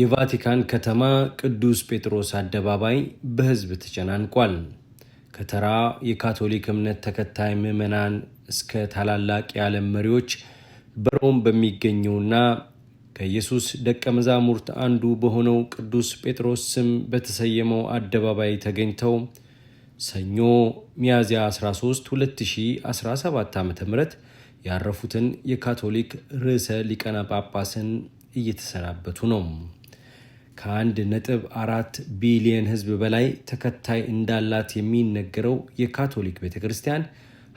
የቫቲካን ከተማ ቅዱስ ጴጥሮስ አደባባይ በሕዝብ ተጨናንቋል። ከተራ የካቶሊክ እምነት ተከታይ ምዕመናን እስከ ታላላቅ የዓለም መሪዎች በሮም በሚገኘውና ከኢየሱስ ደቀ መዛሙርት አንዱ በሆነው ቅዱስ ጴጥሮስ ስም በተሰየመው አደባባይ ተገኝተው ሰኞ ሚያዝያ 13 2017 ዓ ም ያረፉትን የካቶሊክ ርዕሰ ሊቀና ጳጳስን እየተሰናበቱ ነው። ከአንድ ነጥብ አራት ቢሊየን ህዝብ በላይ ተከታይ እንዳላት የሚነገረው የካቶሊክ ቤተ ክርስቲያን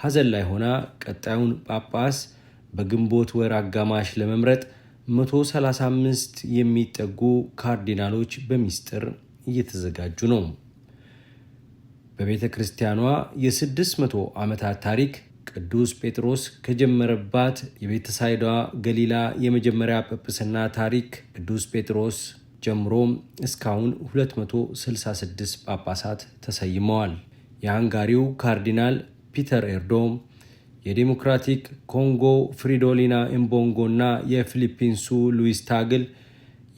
ሀዘን ላይ ሆና ቀጣዩን ጳጳስ በግንቦት ወር አጋማሽ ለመምረጥ 135 የሚጠጉ ካርዲናሎች በሚስጥር እየተዘጋጁ ነው። በቤተ ክርስቲያኗ የ600 ዓመታት ታሪክ ቅዱስ ጴጥሮስ ከጀመረባት የቤተሳይዳ ገሊላ የመጀመሪያ ጵጵስና ታሪክ ቅዱስ ጴጥሮስ ጀምሮ እስካሁን 266 ጳጳሳት ተሰይመዋል። የሃንጋሪው ካርዲናል ፒተር ኤርዶ፣ የዴሞክራቲክ ኮንጎ ፍሪዶሊና ኢምቦንጎ እና የፊሊፒንሱ ሉዊስ ታግል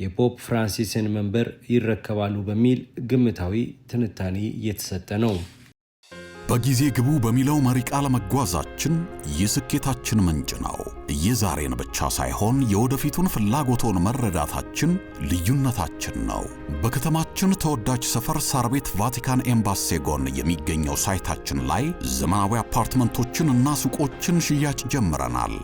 የፖፕ ፍራንሲስን መንበር ይረከባሉ በሚል ግምታዊ ትንታኔ እየተሰጠ ነው። በጊዜ ግቡ በሚለው መሪ ቃል መጓዛችን የስኬታችን ምንጭ ነው። የዛሬን ብቻ ሳይሆን የወደፊቱን ፍላጎቶን መረዳታችን ልዩነታችን ነው። በከተማችን ተወዳጅ ሰፈር ሳር ቤት ቫቲካን ኤምባሲ ጎን የሚገኘው ሳይታችን ላይ ዘመናዊ አፓርትመንቶችን እና ሱቆችን ሽያጭ ጀምረናል።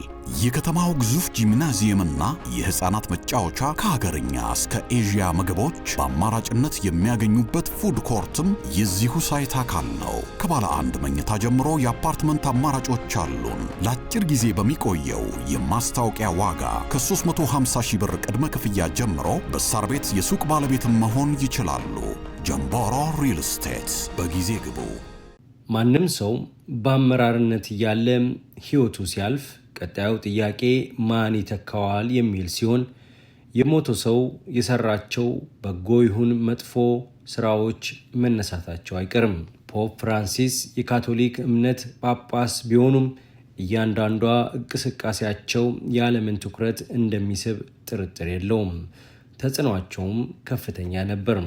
የከተማው ግዙፍ ጂምናዚየምና የህፃናት መጫወቻ ከሀገርኛ እስከ ኤዥያ ምግቦች በአማራጭነት የሚያገኙበት ፉድ ኮርትም የዚሁ ሳይት አካል ነው። ከባለ አንድ መኝታ ጀምሮ የአፓርትመንት አማራጮች አሉን። ለአጭር ጊዜ በሚቆየው የማስታወቂያ ዋጋ ከ350 ሺህ ብር ቅድመ ክፍያ ጀምሮ በሳር ቤት የሱቅ ባለቤትም መሆን ይችላሉ። ጀምባሮ ሪል ስቴት በጊዜ ግቡ። ማንም ሰው በአመራርነት እያለ ህይወቱ ሲያልፍ ቀጣዩ ጥያቄ ማን ይተካዋል የሚል ሲሆን የሞተ ሰው የሰራቸው በጎ ይሁን መጥፎ ስራዎች መነሳታቸው አይቀርም። ፖፕ ፍራንሲስ የካቶሊክ እምነት ጳጳስ ቢሆኑም እያንዳንዷ እንቅስቃሴያቸው የዓለምን ትኩረት እንደሚስብ ጥርጥር የለውም። ተጽዕኗቸውም ከፍተኛ ነበር።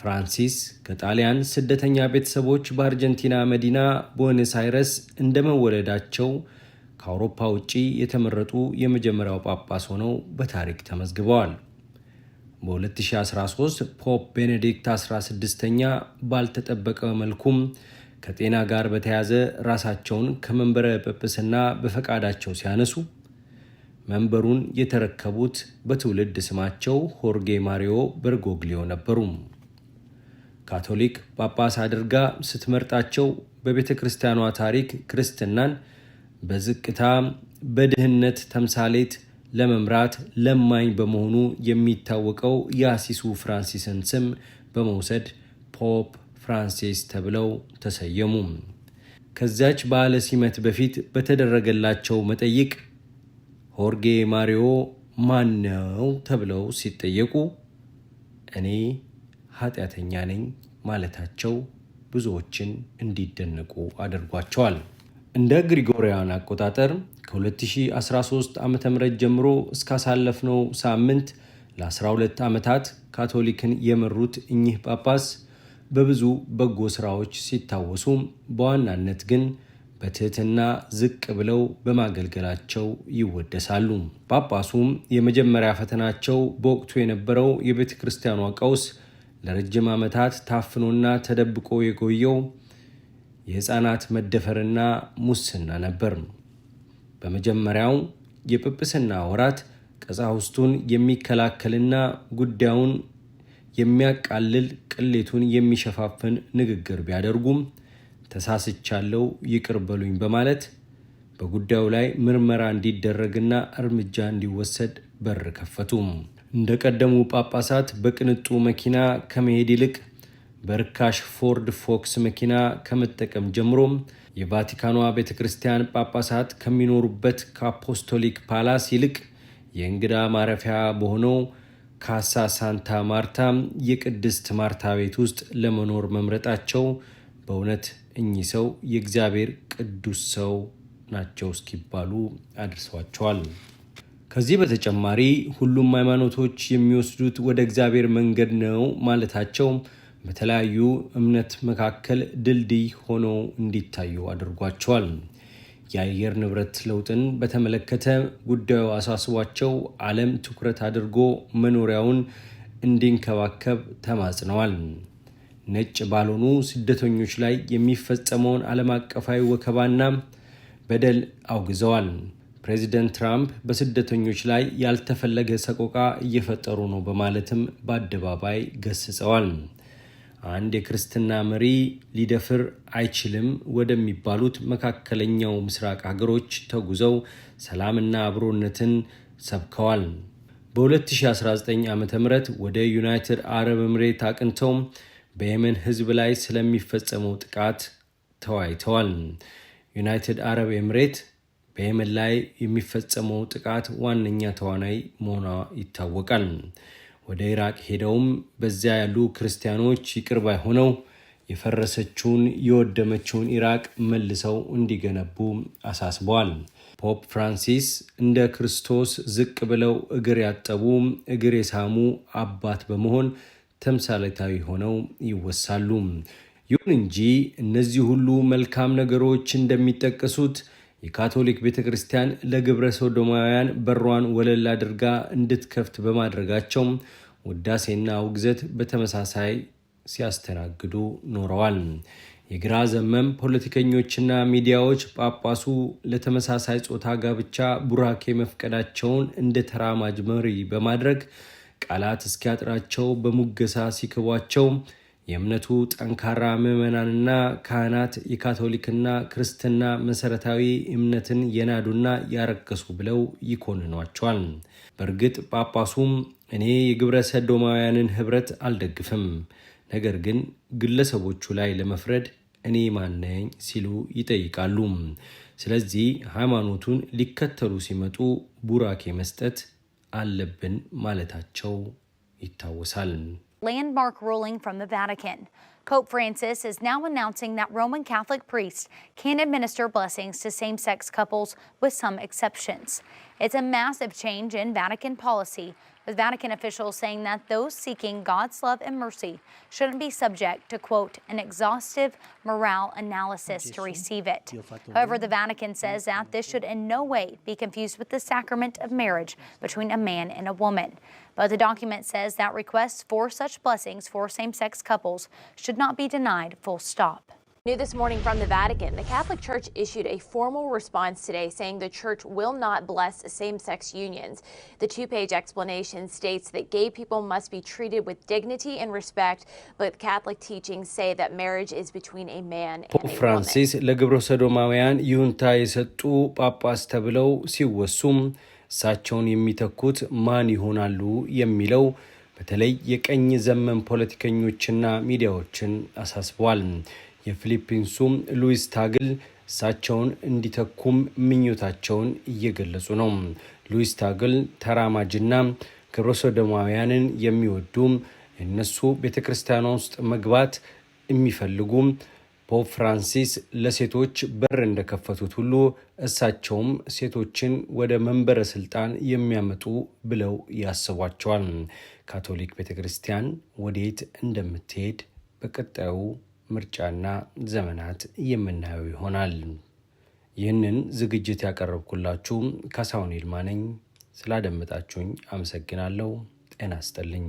ፍራንሲስ ከጣሊያን ስደተኛ ቤተሰቦች በአርጀንቲና መዲና ቦነስ አይረስ እንደመወለዳቸው ከአውሮፓ ውጪ የተመረጡ የመጀመሪያው ጳጳስ ሆነው በታሪክ ተመዝግበዋል። በ2013 ፖፕ ቤኔዲክት 16ኛ ባልተጠበቀ መልኩም ከጤና ጋር በተያያዘ ራሳቸውን ከመንበረ ጵጵስና በፈቃዳቸው ሲያነሱ መንበሩን የተረከቡት በትውልድ ስማቸው ሆርጌ ማሪዮ በርጎግሊዮ ነበሩ። ካቶሊክ ጳጳስ አድርጋ ስትመርጣቸው በቤተ ክርስቲያኗ ታሪክ ክርስትናን በዝቅታ በድህነት ተምሳሌት ለመምራት ለማኝ በመሆኑ የሚታወቀው የአሲሱ ፍራንሲስን ስም በመውሰድ ፖፕ ፍራንሲስ ተብለው ተሰየሙ። ከዚያች በዓለ ሲመት በፊት በተደረገላቸው መጠይቅ ሆርጌ ማሪዮ ማን ነው ተብለው ሲጠየቁ እኔ ኃጢአተኛ ነኝ ማለታቸው ብዙዎችን እንዲደነቁ አድርጓቸዋል። እንደ ግሪጎሪያን አቆጣጠር ከ2013 ዓ ም ጀምሮ እስካሳለፍነው ሳምንት ለ12 ዓመታት ካቶሊክን የመሩት እኚህ ጳጳስ በብዙ በጎ ሥራዎች ሲታወሱ በዋናነት ግን በትህትና ዝቅ ብለው በማገልገላቸው ይወደሳሉ። ጳጳሱም የመጀመሪያ ፈተናቸው በወቅቱ የነበረው የቤተ ክርስቲያኗ ቀውስ ለረጅም ዓመታት ታፍኖና ተደብቆ የቆየው የሕፃናት መደፈርና ሙስና ነበር። በመጀመሪያው የጵጵስና ወራት ቀሳውስቱን የሚከላከልና ጉዳዩን የሚያቃልል ቅሌቱን የሚሸፋፍን ንግግር ቢያደርጉም ተሳስቻለው ይቅር በሉኝ በማለት በጉዳዩ ላይ ምርመራ እንዲደረግና እርምጃ እንዲወሰድ በር ከፈቱ። እንደ ቀደሙ ጳጳሳት በቅንጡ መኪና ከመሄድ ይልቅ በርካሽ ፎርድ ፎክስ መኪና ከመጠቀም ጀምሮ የቫቲካኗ ቤተ ክርስቲያን ጳጳሳት ከሚኖሩበት ከአፖስቶሊክ ፓላስ ይልቅ የእንግዳ ማረፊያ በሆነው ካሳ ሳንታ ማርታ የቅድስት ማርታ ቤት ውስጥ ለመኖር መምረጣቸው በእውነት እኚህ ሰው የእግዚአብሔር ቅዱስ ሰው ናቸው እስኪባሉ አድርሰዋቸዋል። ከዚህ በተጨማሪ ሁሉም ሃይማኖቶች የሚወስዱት ወደ እግዚአብሔር መንገድ ነው ማለታቸው በተለያዩ እምነት መካከል ድልድይ ሆኖ እንዲታዩ አድርጓቸዋል። የአየር ንብረት ለውጥን በተመለከተ ጉዳዩ አሳስቧቸው ዓለም ትኩረት አድርጎ መኖሪያውን እንዲንከባከብ ተማጽነዋል። ነጭ ባልሆኑ ስደተኞች ላይ የሚፈጸመውን ዓለም አቀፋዊ ወከባና በደል አውግዘዋል። ፕሬዚደንት ትራምፕ በስደተኞች ላይ ያልተፈለገ ሰቆቃ እየፈጠሩ ነው በማለትም በአደባባይ ገስጸዋል። አንድ የክርስትና መሪ ሊደፍር አይችልም ወደሚባሉት መካከለኛው ምስራቅ ሀገሮች ተጉዘው ሰላምና አብሮነትን ሰብከዋል። በ2019 ዓ ም ወደ ዩናይትድ አረብ ኤምሬት አቅንተው በየመን ህዝብ ላይ ስለሚፈጸመው ጥቃት ተወያይተዋል። ዩናይትድ አረብ ኤምሬት በየመን ላይ የሚፈጸመው ጥቃት ዋነኛ ተዋናይ መሆኗ ይታወቃል። ወደ ኢራቅ ሄደውም በዚያ ያሉ ክርስቲያኖች ይቅር ባይ ሆነው የፈረሰችውን የወደመችውን ኢራቅ መልሰው እንዲገነቡ አሳስበዋል። ፖፕ ፍራንሲስ እንደ ክርስቶስ ዝቅ ብለው እግር ያጠቡ እግር የሳሙ አባት በመሆን ተምሳሌታዊ ሆነው ይወሳሉ። ይሁን እንጂ እነዚህ ሁሉ መልካም ነገሮች እንደሚጠቀሱት የካቶሊክ ቤተ ክርስቲያን ለግብረ ሶዶማውያን በሯን ወለል አድርጋ እንድትከፍት በማድረጋቸው ውዳሴና ውግዘት በተመሳሳይ ሲያስተናግዱ ኖረዋል። የግራ ዘመም ፖለቲከኞችና ሚዲያዎች ጳጳሱ ለተመሳሳይ ጾታ ጋብቻ ቡራኬ መፍቀዳቸውን እንደ ተራማጅ መሪ በማድረግ ቃላት እስኪያጥራቸው በሙገሳ ሲክቧቸው የእምነቱ ጠንካራ ምዕመናንና ካህናት የካቶሊክና ክርስትና መሠረታዊ እምነትን የናዱና ያረከሱ ብለው ይኮንኗቸዋል። በእርግጥ ጳጳሱም እኔ የግብረ ሰዶማውያንን ኅብረት አልደግፍም፣ ነገር ግን ግለሰቦቹ ላይ ለመፍረድ እኔ ማነኝ ሲሉ ይጠይቃሉ። ስለዚህ ሃይማኖቱን ሊከተሉ ሲመጡ ቡራኬ መስጠት አለብን ማለታቸው ይታወሳል። landmark ruling from the Vatican. Pope Francis is now announcing that Roman Catholic priests can administer blessings to same sex couples with some exceptions. It's a massive change in Vatican policy, with Vatican officials saying that those seeking God's love and mercy shouldn't be subject to, quote, an exhaustive morale analysis to receive it. However, the Vatican says that this should in no way be confused with the sacrament of marriage between a man and a woman. But the document says that requests for such blessings for same sex couples should not be denied, full stop. New this morning from the Vatican, the Catholic Church issued a formal response today saying the church will not bless same sex unions. The two page explanation states that gay people must be treated with dignity and respect, but Catholic teachings say that marriage is between a man and a woman. ለግብረ ሰዶማውያን ይሁንታ የሰጡ papa ተብለው siwasum. እሳቸውን የሚተኩት ማን ይሆናሉ የሚለው በተለይ የቀኝ ዘመን ፖለቲከኞችና ሚዲያዎችን አሳስቧል። የፊሊፒንሱም ሉዊስ ታግል እሳቸውን እንዲተኩም ምኞታቸውን እየገለጹ ነው። ሉዊስ ታግል ተራማጅና ግብረ የሚወዱ እነሱ ቤተ ክርስቲያኗ ውስጥ መግባት የሚፈልጉ ፖፕ ፍራንሲስ ለሴቶች በር እንደከፈቱት ሁሉ እሳቸውም ሴቶችን ወደ መንበረ ስልጣን የሚያመጡ ብለው ያስቧቸዋል። ካቶሊክ ቤተ ክርስቲያን ወዴት እንደምትሄድ በቀጣዩ ምርጫና ዘመናት የምናየው ይሆናል። ይህንን ዝግጅት ያቀረብኩላችሁ ካሳሁን ይልማ ነኝ። ስላደመጣችሁኝ አመሰግናለሁ። ጤና ይስጥልኝ።